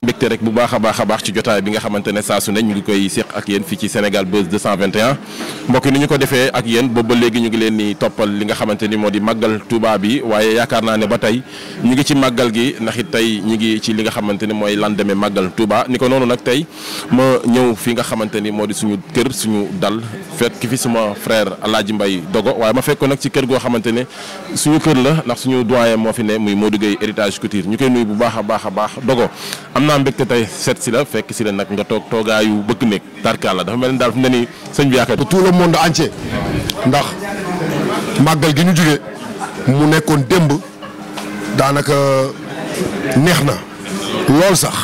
mbégte rek bu baax a baax a baax ci jotaay bi nga xamante ne saa su ne ñu ngi koy séq ak yéen fii ci Sénégal Buzz 221 mbokk ni ñu ko defee ak yéen booba léegi ñu ngi leen ni toppal li nga xamante ni moo di màggal Touba waaye yaakaar ne ba tey ñu ngi ci màggal gi ndax it tey ñu ngi ci li nga xamante ni mooy lendemain màggal Touba ni ko noonu nag tey ma ñëw fi nga xamante ni moo di suñu kër suñu dal fekk fi suma frère Alaaji Mbay Dogo waaye ma fekk nag ci kër goo xamante ne suñu kër la ndax suñu doyen moo fi ne muy moo Gueye héritage couture ñu koy nuyu bu baax a baax a baax Dogo naa mbégte tey seet si la fekk si la nag nga toog toogaayu bëgg nekk tarkaal la dafa mel ni daal fi ne nii sëñ bi yaakaar tout le monde entier ndax màggal gi ñu jógee mu nekkoon démb daanaka neex na lool sax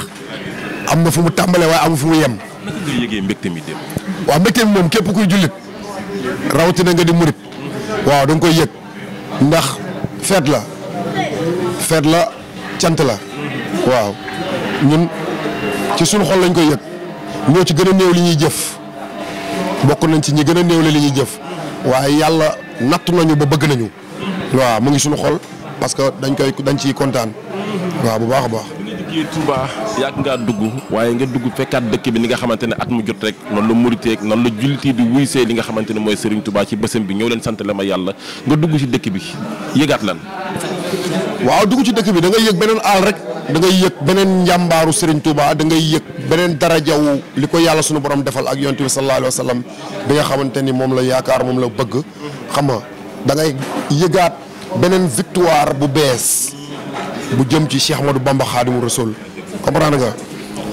am na fu mu tàmbalee waaye amu fu mu yem. naka nga mi démb. waaw mbégte mi moom képp kuy jullit rawatina nga di murit waaw da nga koy yëg ndax feet la feet la cant la waaw. ñun ci suñu xol lañ koy yëg ñoo ci gën a néew li ñuy jëf bokk nañ ci ñi gën a néew li ñuy jëf waaye yàlla nattu nañu ba bëgg nañu. waaw mu ngi suñu xol parce que dañ koy dañ ciy kontaan. waaw bu baax a baax. bi nga Touba yàgg dugg waaye nga dugg fekkaat dëkk bi ni nga xamante ne at mu jot rek noonu la muriteek noonu la julliti di wuy see li nga xamante ne mooy Serigne Touba ci bësam bi ñëw leen sant la ma yàlla nga dugg ci dëkk bi yëgaat lan. waaw dugg ci dëkk bi da yëg beneen da ngay yëg beneen njàmbaaru Serigne Touba da ngay yëg beneen darajawu li ko yàlla sunu borom defal ak yonent bi sallallahu alayhi wa sallam bi nga xamante ni moom la yaakaar moom la bëgg xam nga da ngay yëgaat beneen victoire bu bees bu jëm ci Cheikh Ahmadou Bamba Khadimou Rassoul comprendre nga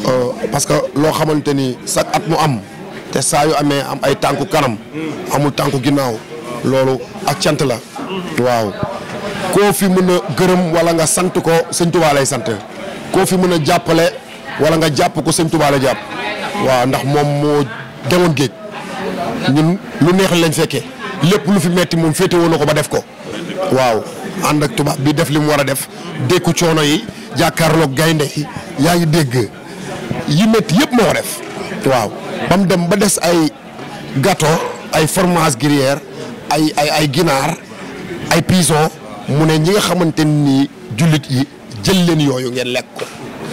euh, parce que loo xamante ni chaque at mu am te saa yu amee am ay tànku kanam amul tànku ginnaaw loolu ak cant la waaw koo fi mën a gërëm wala nga sant ko sëñ Tuubaa sant koo fi mën a jàppale wala nga jàpp ko sëñ Tuubaa jàpp waaw ndax moom moo demoon géej ñun lu neex lañ fekkee lépp lu fi metti moom féete woon ko ba def ko waaw ànd ak tubaab bi def li mu war a def dékku coono yi jàkkaarloog gaynde yi yaa ngi dégg yi métti yëpp moo ko def waaw ba dem ba des ay gato ay fromage gruyère ay ay ay ginaar ay pison mu ne ñi nga xamante ni jullit yi jël leen yooyu ngeen lekk ko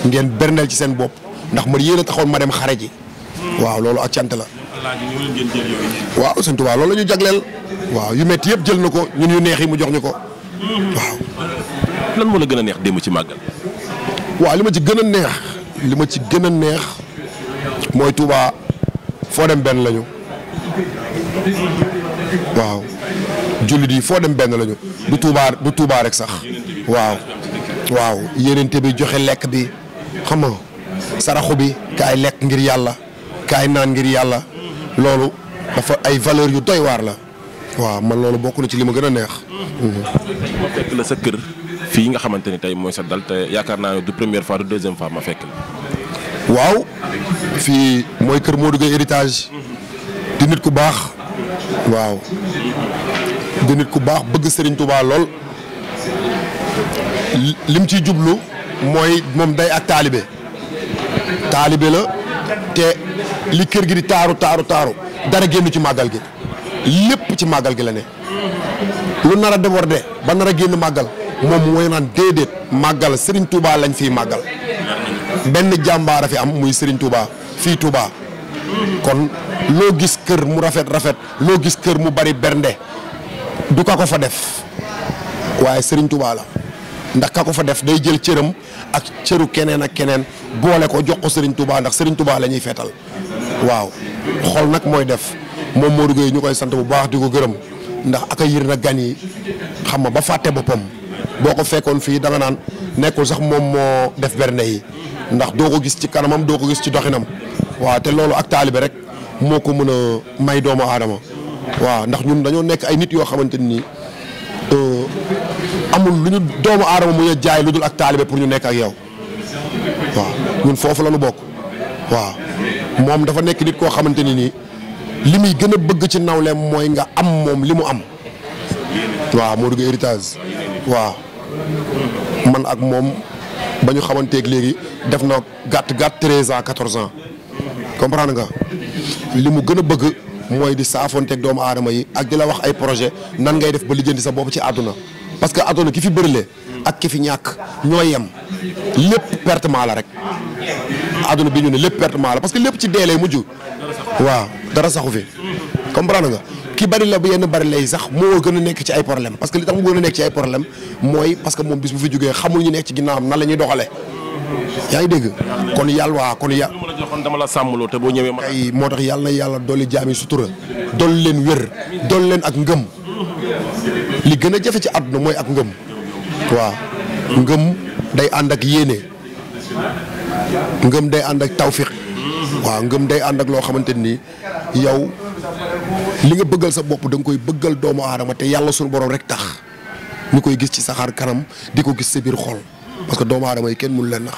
ngeen berndeel ci seen bopp ndax man yéen a taxoon ma dem xare ji waaw loolu ak cant la. waaw sant waaw loolu la ñu jagleel. waaw yu metti yëpp jël na ko ñun yu neex yi mu jox ñu ko waaw. lan moo la gën a neex démb ci màggal. waaw li ma ci gën a neex. li ma ci gën a neex mooy Touba foo dem benn lañu waaw. jullit yi foo dem benn lañu. du Touba du Touba sax. waaw waaw yéenente bi joxe lekk bi xam nga saraxu bi kaay lekk ngir yàlla kaay naan ngir yàlla loolu dafa ay valeur yu doy la waaw man loolu bokk na ci li ma gën a neex. ma mhm. fekk la sa kër fii nga xamante ni tey mooy sa dal te yaakaar naa ne du première fois du deuxième fois ma fekk la. waaw fii mooy kër Modou Gueye héritage di nit ku baax waaw di nit ku baax bëgg sëriñ Touba lool lim ciy jublu mooy moom day ak taalibe taalibe la te li kër gi di taaru taaru taaru dara génn ci màggal gi lépp ci màggal gi la ne lu nar a déborder ba nar génn màggal moom mooy naan déedéet màggal Serigne Touba lañ fiy màggal benn jàmbaar a fi am muy sëriñ Touba fi Touba kon loo gis kër mu rafet rafet loo gis kër mu bari bernde du ka ko fa def waaye sëriñ tubaa la ndax ka ko fa def day jël cëram ak cëru keneen ak keneen boole ko jox ko Serigne tubaa ndax Serigne Touba lañuy fetal waaw xool nag mooy def moom Modou Gueye ñu koy sant bu baax di ko gërëm ndax ak a yër na gan yi xam nga ba fàtte boppam boo ko fekkoon fii danga naan nekkul sax moom moo def bernde yi ndax doo ko gis ci kanamam doo ko gis ci doxinam waaw te loolu ak taalibe rek moo ko mën a may doomu aadama waaw ndax ñun dañoo nekk ay nit yoo xamante ni euh, amul lu ñu doomu aadama mu ñu jaay lu dul ak taalibe pour ñu nekk ak yow waaw ñun foofu la bokk waaw moom dafa nekk nit koo xamante ni nii li muy gën a bëgg ci nawleem mooy nga am moom li mu am waa moo dugg héritage waaw man ak moom ba ñu xamanteeg léegi def na gàtt gàtt treize ans quatorze ans comprendre nga li mu gën a bëgg mooy di saafonteeg doomu aadama yi ak di la wax ay projet nan ngay def ba lijjanti sa boobu ci àdduna parce que àdduna ki fi bëri le ak ki fi ñàkk ñoo yem lépp pertement la rek àdduna bi ñu ne lépp pertement la parce que lépp ci dee lay mujj waaw dara saxu fi comprendre nga ki bari la bu yenn bari lay sax moo gën a nekk ci ay problème parce li tax mu gën a nekk ci ay problème mooy parce que moom bis bu fi jógee xamul ñu nekk ci ginnaawam nan la ñuy doxalee yaa ngi dégg kon yàlla waa kon yàlla. la sàmmaloo te boo ñëwee. ay moo tax yàlla na yàlla dolli jaami sutura. dool leen wér. dool leen ak ngëm. li gën a jafe ci àdduna mooy ak ngëm. waaw ngëm day ànd ak yéene. ngëm day ànd ak tawfiq. waaw ngëm day ànd ak loo xamante ni yow li nga bëggal sa bopp da koy bëggal doomu aadama te yàlla sunu boroom rek tax ñu koy gis ci saxaar kanam di ko gis sa biir xool parce que doomu aadama kenn mënu leen nax.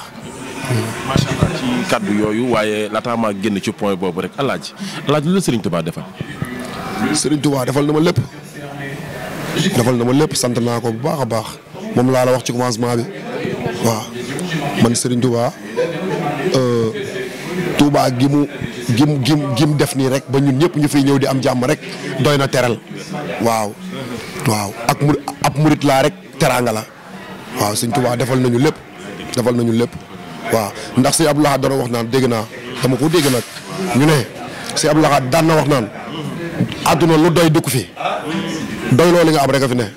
macha ci kaddu yooyu waaye laataa maa génn ci point boobu rek alaaji alaaji lu la Serigne Touba defal. Serigne defal na ma lépp. defal na ma lépp sant naa ko bu baax a baax moom laa la wax ci commencement bi waaw man Serigne Touba euh, Touba gi mu gim gim def nii rek ba ñun ñëpp ñu fiy ñëw di am jàmm rek doy na teral waaw. waaw ak murit laa rek teraanga la. waaw sëñ Tuubaa defal nañu lépp defal nañu lépp waaw ndax si ab Lahad doon wax naan dégg naa dama ko dégg nag ñu ne si Abdou Lahad daan na wax naan àdduna lu doy dëkku fi doy loo li nga am rek fi ne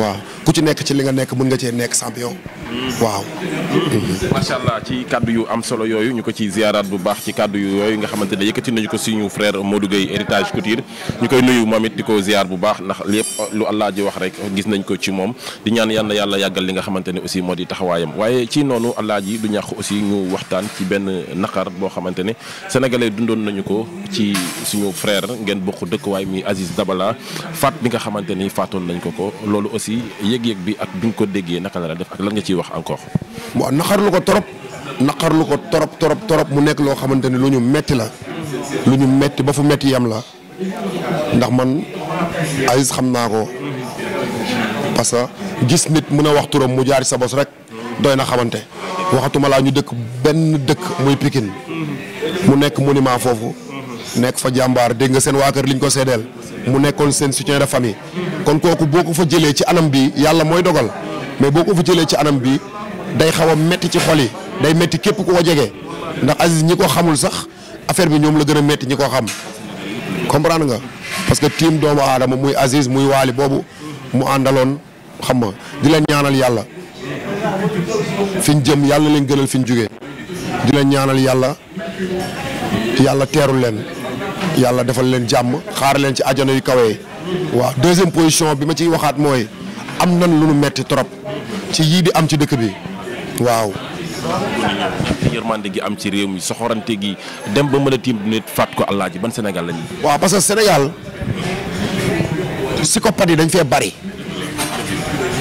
waaw ku ci nekk ci li nga nekk mën nga cee nekk champion. waaw. macha allah ci kaddu yu am solo yooyu ñu ko ci ziaraat bu baax ci kaddu yu yooyu nga xamante ne yëkkati nañu ko suñu frère Modou Gueye héritage couture ñu koy nuyu moom it di ko ziar bu baax ndax lépp lu allah ji wax nañ ko ci moom di ñaan yàlla yàlla yàggal li nga xamante ne aussi moo di taxawaayam waaye ci noonu allah ji du ñàkk aussi ñu waxtaan ci benn naqar boo xamante ne sénégalais dundoon nañu ko ci suñu frère ngeen bokk dëkk waaye muy Aziz Dabala faat bi nga xamante ni faatoon nañ ko ko loolu aussi yëg-yëg bi ak bi nga ko déggee naka la la def ak lan nga ciy wax encore. waaw naqarlu ko trop naqarlu ko trop trop trop mu nekk loo xamante ni lu ñu metti la lu ñu metti ba fu metti yam la ndax man Aziz xam naa ko parce que gis nit mën a wax turam mu jaar sa bos rek doy na xamante waxatuma laa ñu dëkk benn dëkk muy Pikine mu nekk monument foofu. nekk fa jàmbaar dégg nga seen waa kër liñ ko seddeel mu nekkoon seen soutien de famille kon kooku boo ko fa jëlee ci anam bi yàlla mooy dogal mais boo ko fa jëlee ci anam bi day xaw a metti ci xol yi day metti képp ku ko jege ndax Aziz ñi ko xamul sax affaire bi ñoom la gën a metti ñi ko xam comprendre nga parce que tiim doomu aadama muy Aziz muy waali boobu mu àndaloon xam ma di leen ñaanal yàlla fi ñu jëm yàlla leen gënal fi ñu jógee di leen ñaanal yàlla yàlla teerul leen yàlla defal leen jàmm xaar ci ajana yu kawe waaw deuxième position bi ma ciy waxaat mooy am nan lu nu metti trop ci yii di am ci dëkk bi waaw. yërmande gi am ci réew mi soxorante gi dem ba mën a tiim nit faat ko allah ji ban Sénégal lañuy. waaw parce que Sénégal psychopathe yi dañ fee bari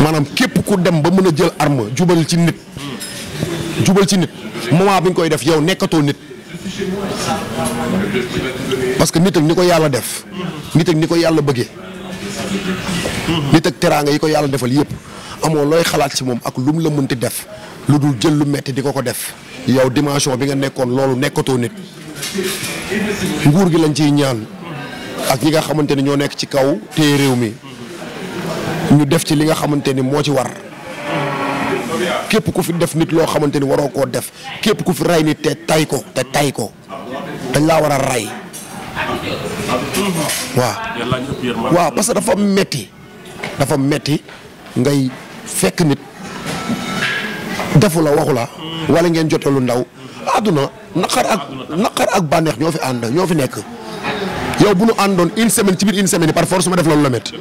maanaam képp ku dem ba mën a jël arme jubal ci nit jubal ci nit moment bi nga koy def yow nekkatoo nit. parce que nit ak ni ko yàlla def. nit ak ni ko yàlla bëggee. nit ak teraanga yi ko yàlla defal yëpp amoo looy xalaat ci moom ak lu mu la mënti def lu dul jël lu metti di ko ko def yow dimension bi nga nekkoon loolu nekkatoo nit. nguur gi lañ ciy ñaan ak ñi nga xamante ni ñoo nekk ci kaw téye réew mi ñu def ci li nga xamante ni moo ci war. képp ku fi def nit loo xamante ni waroo koo def képp ku fi ray nit te tay ko te tay ko dañ laa war a ray waaw waaw que dafa metti dafa metti ngay fekk nit defu la waxu la wala ngeen jote lu ndaw àdduna naqar ak naqar ak bànneex ñoo fi ànd ñoo fi nekk yow bu nu àndoon une semaine ci biir une semaine par force ma def loolu la métti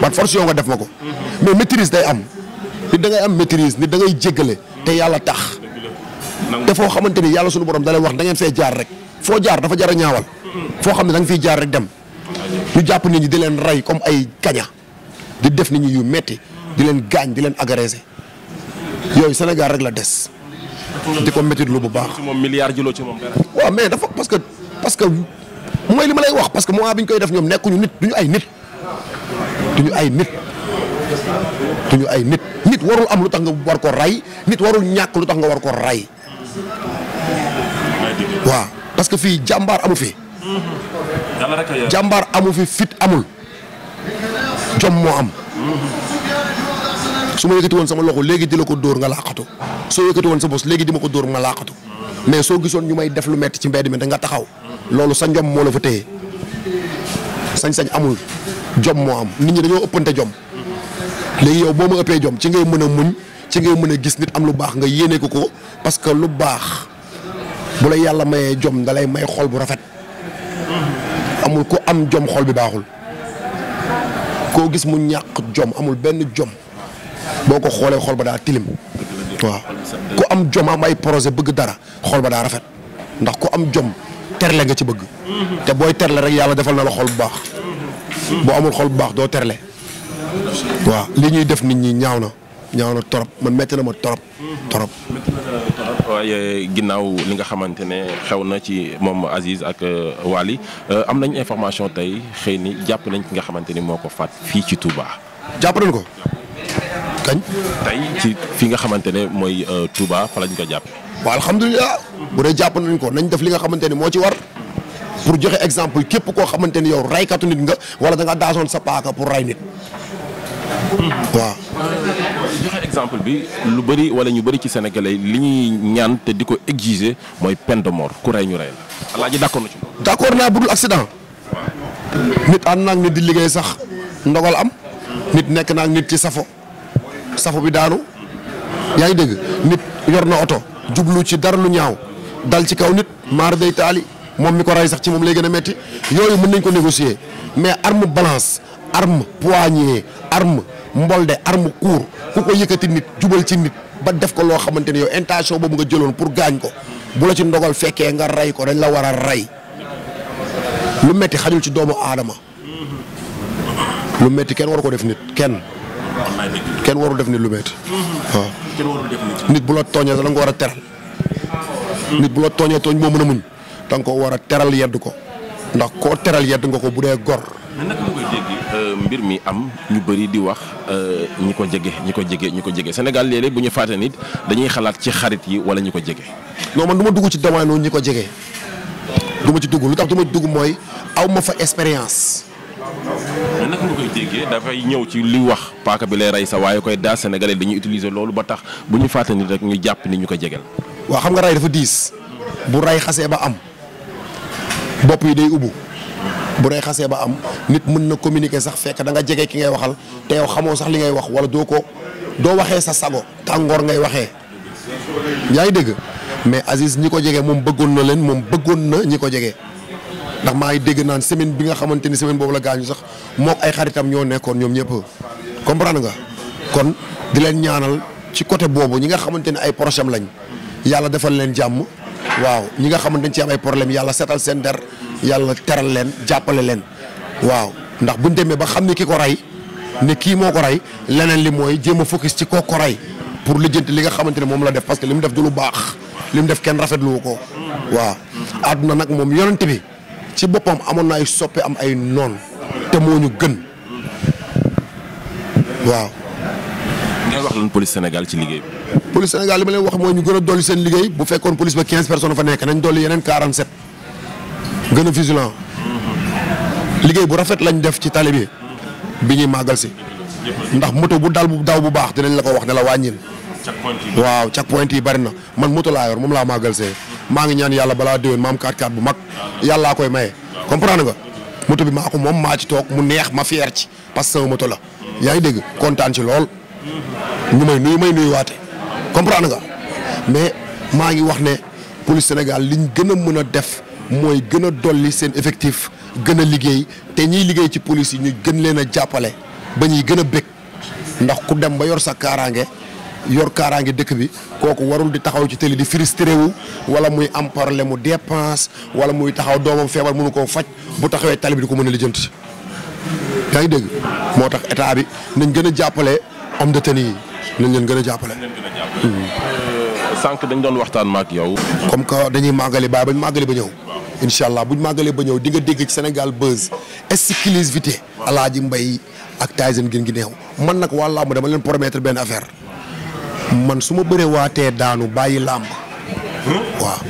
par force yow nga def ma ko mais maîtrise day am nit da ngay am maîtrise nit da ngay jéggale te yàlla tax te foo xamante ni yàlla suñu borom dalay wax da ngeen fee jaar rek foo jaar dafa jara ñaawal foo xam ne da nga jaar rek dem ñu jàpp nit ñi di leen rey comme ay kaña di def nit ñi yu metti di leen gaañ di leen agressé yooyu Sénégal rek la des di ko métti lu bu baax. moom milliard jëloo ci moom dara. mais dafa parce que parce que mooy li ma lay wax parce que moment bi ñu koy def ñoom nekkuñu nit duñu ay nit duñu ay nit. duñu ay nit nit warul am lu tax nga war ko rey nit warul ñàkk lu ko rey parce que fii jàmbaar amu fi. jàmbaar amu fi fit amul jom moo am. su ma yëkkati woon sama loxo léegi di la ko dóor nga laaxatu soo yëkkati woon sa bos léegi di ma ko dóor ma laaxatu mais soo gisoon ñu may def lu metti ci mbedd mi da nga taxaw loolu sa njom moo la fa téye sañ-sañ amul jom moo am nit ñi dañoo ëppante jom. léegi yow boo ma ëppee jom ci ngay mën a muñ ci ngay mën a gis nit am lu baax nga yéene ko ko parce que lu baax bu la yàlla mayee jom da lay may xol bu rafet amul ku am jom bi baaxul koo gis mu ñàkk jom amul benn jom boo ko xoolee xol ba daa tilim waaw ku am jom am ay projet bëgg dara xol ba daa rafet ndax ku am jom terle nga ci bëgg mm-hmm. te booy terle rek yàlla defal na la xol bu baax mm-hmm. boo amul xol bu baax doo terle waaw li ñuy def nit ñi ñaaw na ñaaw na torop man métti na ma torop torop waaye ginnaaw li nga xamante ne xew na ci moom Aziz ak euh, Waly euh, am nañ information tey xëy ni jàpp nañ ki nga xamante ni moo ko faat fii ci Touba. jàpp ko. kañ. nga xamante ne mooy euh, Touba fa lañ ko jàpp. waaw alhamdulilah. bu dee jàpp nañ ko nañ def li nga xamante ni moo ci war. pour joxe exemple képp koo xamante ni yow raykatu nit nga wala da nga daasoon sa paaka pour ray nit. waaw. joxe exemple bi lu bëri wala ñu bëri ci sénégalais li ñuy ñaan te di ko exiger mooy peine de mort ku rey ñu rey la alaaji na ci loolu. naa budul accident. nit ànd naag nit di liggéey sax ndogal am. nit nekk naag nit ci safo safo bi daanu. yaa ngi dégg nit yor na oto. jublu ci dara lu ñaaw. dal ci kaw nit. maar day taali moom mi ko rey sax ci moom lay gën a metti yooyu mën nañ ko négocier mais arme balance arme poignée arme. mbool de court ku ko yëkkati nit jubal ci nit ba def ko loo xamante ni yow intention boobu nga jëloon pour gaañ ko bu la ci ndogal fekkee nga rey ko dañ la war a rey lu metti xajul ci doomu aadama lu metti kenn waru ko def nit kenn kenn warul def nit lu metti waaw nit bu la tooñee da nga war a teral nit bu la tooñ moo mën a muñ da ko war a teral yedd ko ndax koo teral yedd nga ko bu dee gor Euh, mbir mi am ñu bari di wax euh, ñi ko jege ñi ko jege ñi ko jege Sénégal léeg bu ñu fàtte nit dañuy xalaat ci xarit yi wala ñi ko jege. non man du ma dugg ci domaine ñi ko jege du ci dugg lu tax du ma mooy aw ma fa expérience. mais dafay ñëw ci li wax paaka bi lay rey sa waaye koy daa sénégalais dañuy utiliser loolu ba tax bu ñu fàtte nit rek ñu jàpp ni ñu ko jegel waaw xam nga rey dafa diis bu rey xasee ba am bopp yi day ubbu. bu day xasee ba am nit mën na communiquer sax fekk da nga jege ki ngay waxal te yow xamoo sax li ngay wax wala doo ko doo waxee sa sago tàngoor ngay waxee yaa ngi dégg mais Aziz ñi ko jege moom bëggoon na leen moom bëggoon na ñi ko jege ndax maa ngi dégg naan semaine bi nga xamante ni semaine boobu la gaañu sax mook ay xaritam ñoo nekkoon ñoom ñëpp comprendre nga kon di leen ñaanal ci côté boobu ñi nga xamante ne ay proches lañ yàlla defal leen jàmm waaw ñi nga xamante ne ci am ay problème yàlla seetal seen der yàlla teral leen jàppale leen waaw ndax buñ demee ba xam ne ki ko rey ne kii moo ko rey leneen li mooy jéem a focus ci koo ko rey pour lijjanti li nga xamante ne moom la def parce que li mu def du lu baax li mu def kenn rafetlu ko waaw adduna nag moom yonent bi ci boppam amoon na ay soppe am ay noon te moo ñu gën waaw. ngeen wax lan police Sénégal ci liggéey bi. police Sénégal li ma leen wax mooy ñu gën a dolli seen liggéey bu fekkoon police ba 15 gën a liggéey bu rafet lañ def ci tali bi bi ñuy màggal si ndax moto bu dal bu daw bu baax dinañ la ko wax ne la wàññil waaw cak point yi bari na man moto laa yor moom laa màggal see maa ngi ñaan yàlla balaa déwén maam 4x4 bu mag yàllaa koy maye comprendre nga moto bi maa ko moom maa ci toog mu neex ma fier ci parce que sama moto la yaa ngi dégg kontaan ci lool ñu may nuyu may nuyu waate comprendre nga mais maa ngi wax ne police Sénégal liñ gën a mën a def mooy gën a dolli seen effectif gën a liggéey te ñiy liggéey ci police yi ñu gën leen a jàppale ba ñuy gën a bëgg ndax ku dem ba yor sa kaaraange yor kaaraange dëkk bi kooku warul di taxaw ci télé di frustré wu wala muy am problème mu dépense wala muy taxaw doomam feebar mënu koo faj bu taxawee tali bi di ko mën a lijjanti. yaa ngi dégg moo tax état bi nañ gën a jàppale am de tenue yi nañ leen gën a jàppale. Euh, sànq dañ doon waxtaan ma yow. comme que dañuy màggali baay bañ màggali ba ñëw. incha allah buñ màggalee ba ñëw di nga dégg ci Sénégal buzz exclusivité Alaaji Mbay ak Tyson gën gi neew man nag waa làmb dama leen promettre benn affaire man su ma bëree waatee daanu bàyyi làmb waaw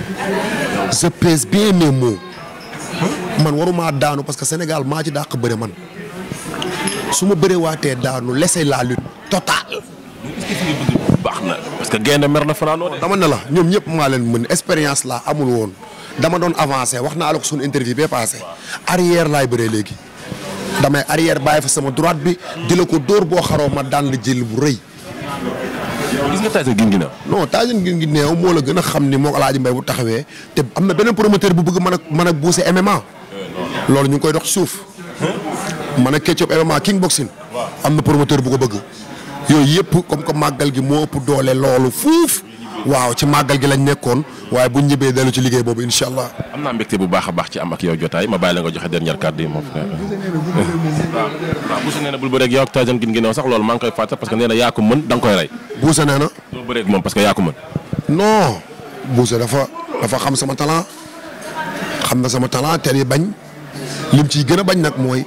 je pèse bien mes mots man waruma daanu parce que Sénégal maa ci dàq bëre man su ma bëree waatee daanu laisser la lutte totale baax na parce que gaynde mer na fanaanoo dama ne la ñoom ñëpp maa leen mën expérience laa amul woon dama doon avancer wax naa la ko suñu interview bee passé arrière laay bëree léegi damay arrière bàyyi fa sama droite bi di la ko dóor boo xaroo ma daan la jël bu rëy. gis nga Tyson Gouye Gui neew non Tyson Gouye Gui neew moo la gën a xam ni moo Alaaji Mbay bu taxawee te am na beneen promoteur bu bëgg mën a mën a buuse MMA loolu ñu ngi koy dox suuf mën a Ketchup MMA king boxing am na promoteur bu ko bëgg yooyu yëpp comme que màggal gi moo ëpp doole loolu fuuf waaw ci màggal gi lañ nekkoon waaye bu ñibbee dellu ci liggéey boobu incha allah. am naa mbégte bu baax a baax ci am ak yow jotaay ma bàyyi la nga joxe dernier kàddu yi moom. waaw waaw buusa nee na bul bëre ak yow ak Tyson gin ginnaaw sax loolu maa ngi koy fàtte parce que nee yaa ko mën da koy rey. buusa nee na. moom parce que yaa ko mën. non dafa xam sama talent xam na sama talent ter yi bañ lim ciy gën a bañ nag mooy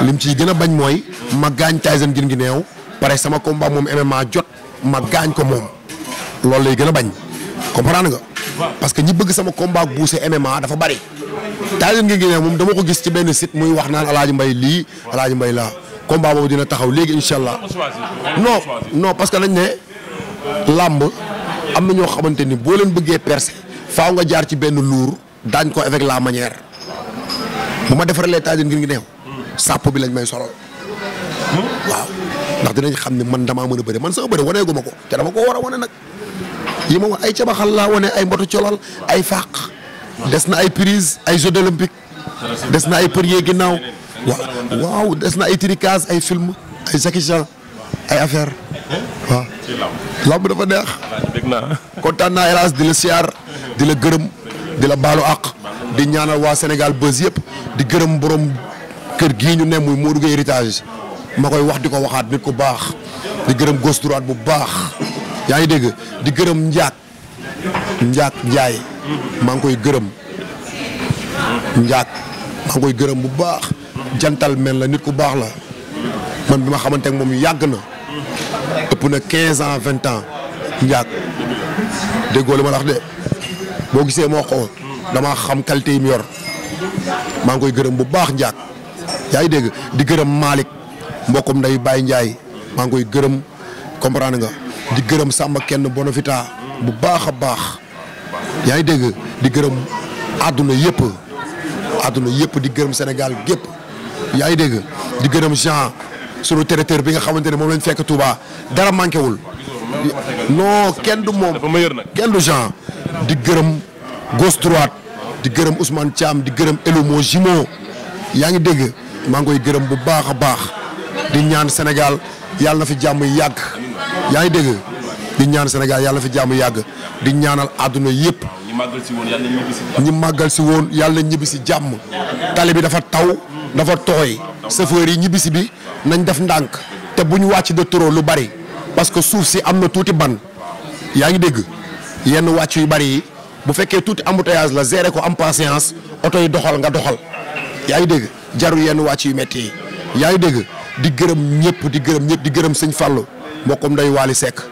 lim ciy gën a bañ mooy ma gaañ Tyson gin ginnaaw pare sama combat moom MMA jot ma ko moom loolu lay gën a bañ comprendre nga. parce que ñi bëgg sama combat buuse MMA dafa bari. Tyson Gueye ne moom dama ko gis ci benn sit muy wax naan Alaaji Mbay lii Alaaji Mbay laa combat boobu dina taxaw léegi incha allah. non non parce que dañ ne làmb am na ñoo xamante ni boo leen bëggee percer faaw nga jaar ci benn luur daañ ko avec la manière bu ma defaralee Tyson ngi neew sàpp bi lañ may solo hmm? waaw ndax dinañ xam ni man damaa mën a bëri man sama bëri waneegu ma ko te ko war a yi ma wax ay cabaxal laa wane ay mbotu colal ay fàq des na ay prise ay jeux olympique des na ay përie ginnaaw waaw des na ay tricage ay film ay Jackie Chan ay affaire waaw lamb dafa neex kontaan naa hélas di la siyaar di la gërëm di la baalu àq di ñaanal waa Sénégal bës yëpp di gërëm borom kër gii ñu ne muy Modou Gueye héritage ma koy wax di ko waxaat nit ku baax di gërëm gos droit bu baax yaa ngi dégg di gërëm njaak njaak njaay maa ngi koy gërëm njaak maa ngi koy gërëm bu baax jantal men la nit ku baax la man bi ma xamante ak moom yàgg na ëpp na quinze ans vingt ans njaak déggoo li ma la de boo gisee moo ko damaa xam qualité yi mu yor maa ngi koy gërëm bu baax njaak yaa ngi dégg di gërëm maalik mbokkum nday Baye Ndiaye maa ngi koy gërëm comprend nga di gërëm sàmm kenn bonofita bu baax a baax yaa ngi dégg di gërëm àdduna yëpp àdduna yëpp di gërëm Sénégal gépp yaa ngi dégg di gërëm Jean sunu traiteur bi nga xamante ne moom lañ fekk Touba dara manqué wul non kenn du moom kenn du di gërëm gauche droite di gërëm Ousmane Thiam di gërëm Elomo Jimo yaa ngi dégg maa ngi koy gërëm bu baax a baax di ñaan Sénégal yàlla na fi jàmm yàgg yaa ngi dégg di ñaan Sénégal yàlla fi jàmm yàgg di ñaanal àdduna yëpp. ñi màggal si woon yàlla ñibbi si jàmm. ñi tali bi dafa taw. dafa tooy. chauffeur yi ñibbisi bi nañ def ndànk. te buñ wàcc de trop lu bari. parce que suuf si am na tuuti ban. yaa ngi dégg yenn wàcc yu bari yi bu fekkee tuuti embouteillage la gérer ko am patience oto yi doxal nga doxal. yaa ngi dégg jarul yenn wàcc yu metti yi. yaa ngi dégg di gërëm ñëpp di gërëm ñëpp di gërëm sëñ fàllu mbokkom day waali Seck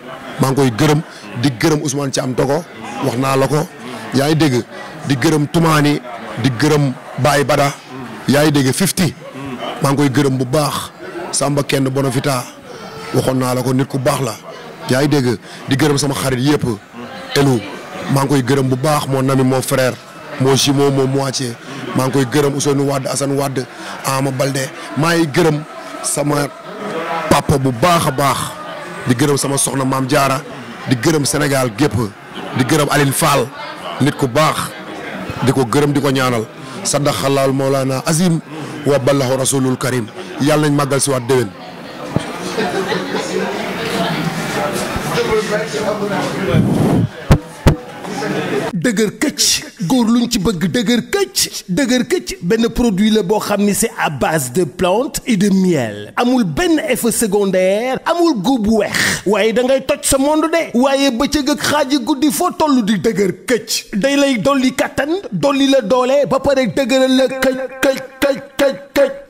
maa ngi koy gërëm di gërëm Ousmane Thiam Togo wax naa la ko yaa ngi dégg di gërëm Toumani di gërëm baay Bada yaa ngi dégg fifty maa ngi koy gërëm bu baax Samba kenn Bonafita waxoon naa la ko nit ku baax la yaa ngi dégg di gërëm sama xarit yëpp elu maa ngi koy gërëm bu baax moo nami moo frère moo jumeau moo moitié maa ngi koy gërëm Ousseynou Wade Assane wadd Ama Balde maa ngi gërëm sama papa bu baax a baax di gërëm sama soxna maam jaara di gërëm Sénégal gépp di gërëm Aline Fall nit ku baax di ko gërëm di ko ñaanal saddaxalaal Mawlana Azim wa ballahu rasulul karim yàlla nañ màggal si waat déwén. dëgër këcc góor luñ ci bëgg dëgër këcc dëgër këcc benn produit la boo xam ni c'est à base de plantes et de miel amul benn effet secondaire amul góob bu weex waaye da ngay toj sa monde de waaye bëccëg ak xaaji guddi foo toll di dëgër këcc day lay dolli kattan dolli la doole ba pare dëgëral la këcc këcc këcc këcc